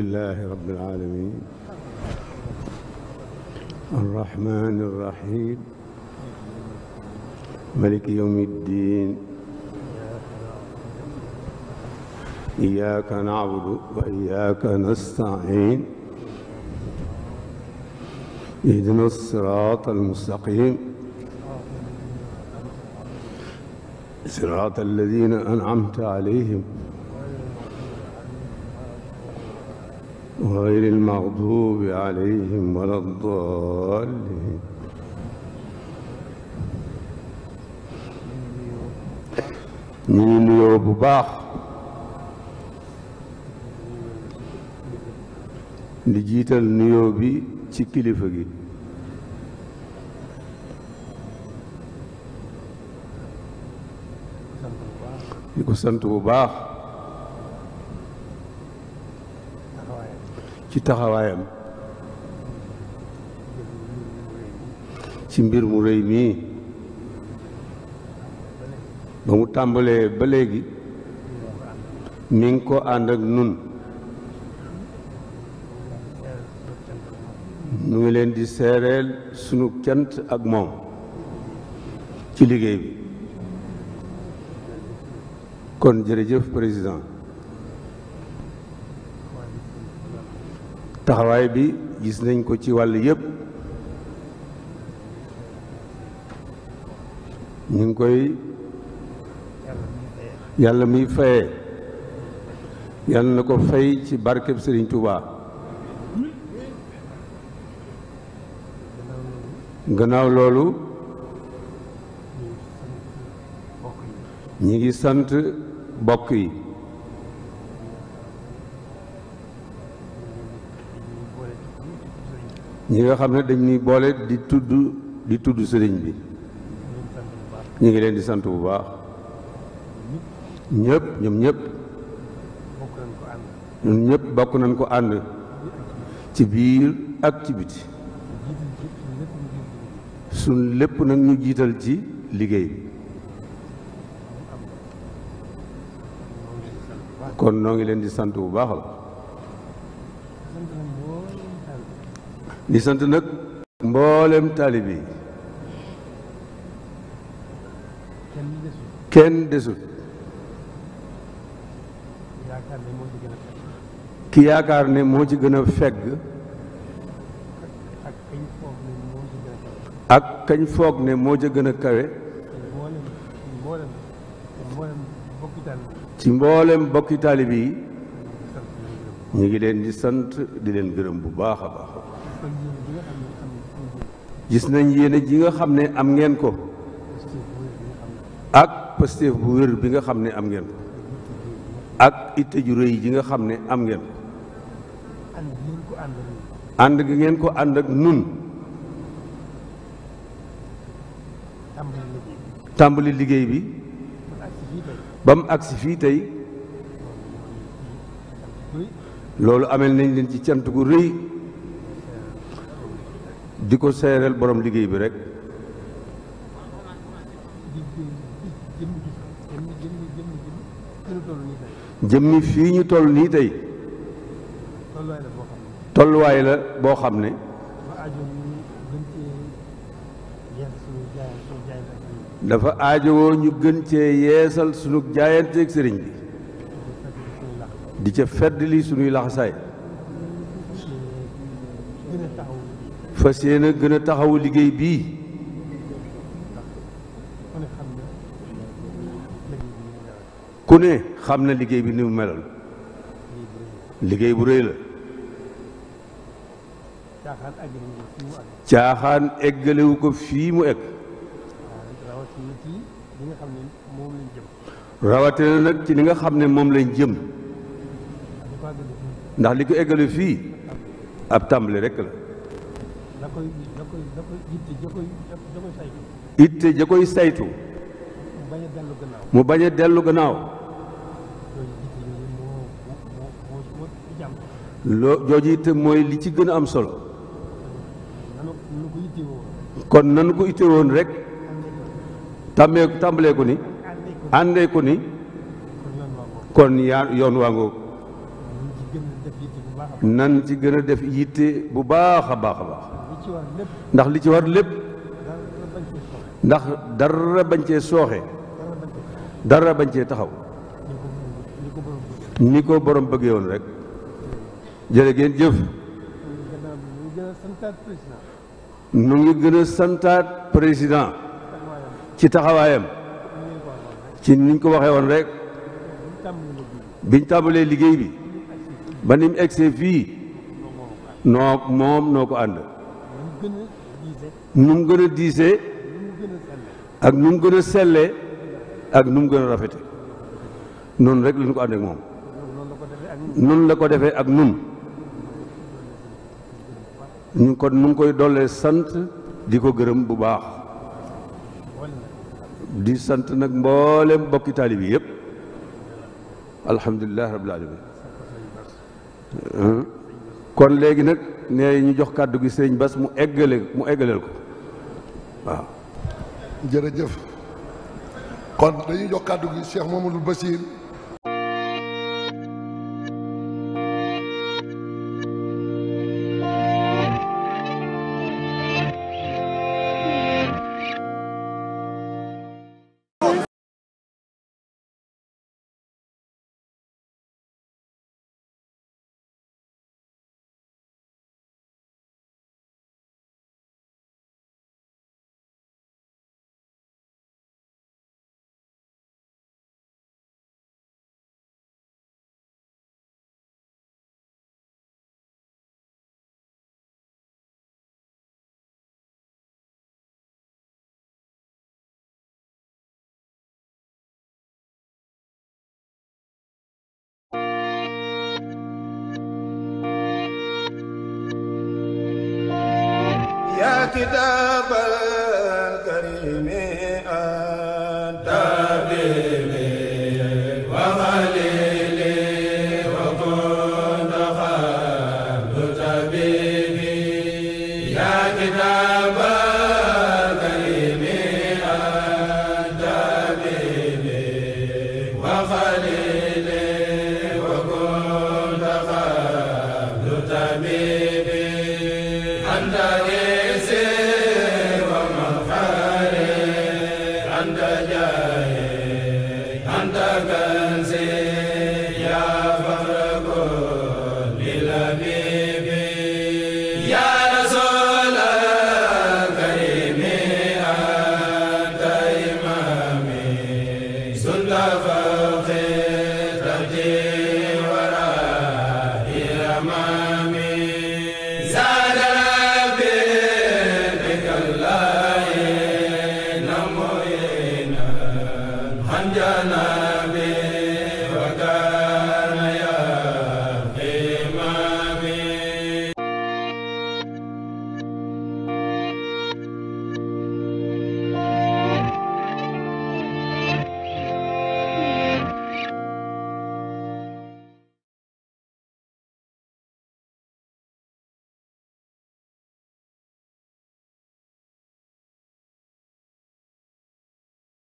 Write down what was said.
alhamdulilahi rabbil aalamiin arrahmaani rrahiim maaliki yawmi ddiin iyyaaka na'budu wa iyyaaka nasta'iin ihdina s-siraata l-mustaqiim siraata llaziina an'amta alayhim غير المغضوب عليهم ولا الضالين ñu ngi nuyoo bu baax di jiital nuyoo bi ci kilifa gi di ko sant bu baax ci taxawaayam ci mbir mu rëy mii ba mu tàmbalee ba léegi mi ngi ko ànd ak nun ñu ngi leen di seereel sunu kent ak moom ci liggéey bi kon jërëjëf président taxawaay bi gis nañ ko ci wàll yépp ñu ngi koy yàlla muy faye yàlla na ko fay ci barkeb Sëriñ Tuubaa gannaaw loolu ñu ngi sant bokk yi ñi nga xam ne dañ ñuy boole di tudd di tudd sëriñ bi ñu ngi leen di sant bu baax ñëpp ñoom ñëpp ñun ñëpp bokk nañ ko ànd ci biir ak ci biti suñ lépp nag ñu jiital ci liggéey bi kon noo ngi leen di sant bu baax la di sant nag mboolem taalib yi kenn desul ki yaakaar ne moo ci gën a fegg ak kañ foog ne moo ci gën a kawe ci mboolem bokki taalib yi ñu ngi leen di sant di leen gërëm bu baax a baax gis nañ yéene ji nga xam ne am ngeen ko ak pastéef bu wér bi nga xam ne am ngeen ko ak itte ju rëy ji nga xam ne am ngeen ànd gi ngeen ko ànd ak nun tàmbali liggéey bi ba mu agsi fii tey loolu amel nañ leen ci cant gu rëy di ko seereel borom liggéey bi rek jëmmi fii ñu toll nii tey tolluwaay la boo xam ne dafa aajowoo ñu gën cee yeesal sunu jaayanteeg sëriñ bi di ca fedd li sunuy laxasaay fas yéene gën a taxawu liggéey bii ku ne xam na liggéey bi ni mu melal liggéey bu réy la caaxaan eggalewu ko fii mu egg rawatina nag ci li nga xam ne moom lañ jëm ndax li ko eggale fii ab tàmbali rekk la la koy koy itte ja koy saytu. mu bañ dellu gannaaw. mu loo jooju itte mooy li ci gën a am solo. kon nan ko itte woon rek. tàmmee tàmbalee ni. àndeeku ni. kon yaa yoon waa ngoog nan ci gën a def yitte bu baax a baax ndax li ci war lépp ndax dara bañ cee sooxe dara bañ cee taxaw ni ko borom bëggee woon rek jërë ngeen jëf nu ngi gën a santaat président ci taxawaayam ci niñ ko waxee woon rek biñ tàmbalee liggéey bi ba ni mu egsee fii noo moom noo ko ànd nu mu gën a diisee ak nu mu gën a sellee ak nu mu gën a rafete noonu rek lañ ko ànd ak moom noonu la ko defee ak nun ñu ko nu ngi koy dollee sant di ko gërëm bu baax di sant nag mboolem bokki taalib yi yëpp alhamdulilah rabbil alamin kon léegi nag nee ñu jox kàddu gi sëriñ Bass mu eggale mu eggaleel ko waaw jërëjëf kon dañuy jox kàddu gi Cheikh Mamadou Bassir كتاب الكريم أنت حبيبي وخليلي وكنت خير طبيبي يا كتاب jana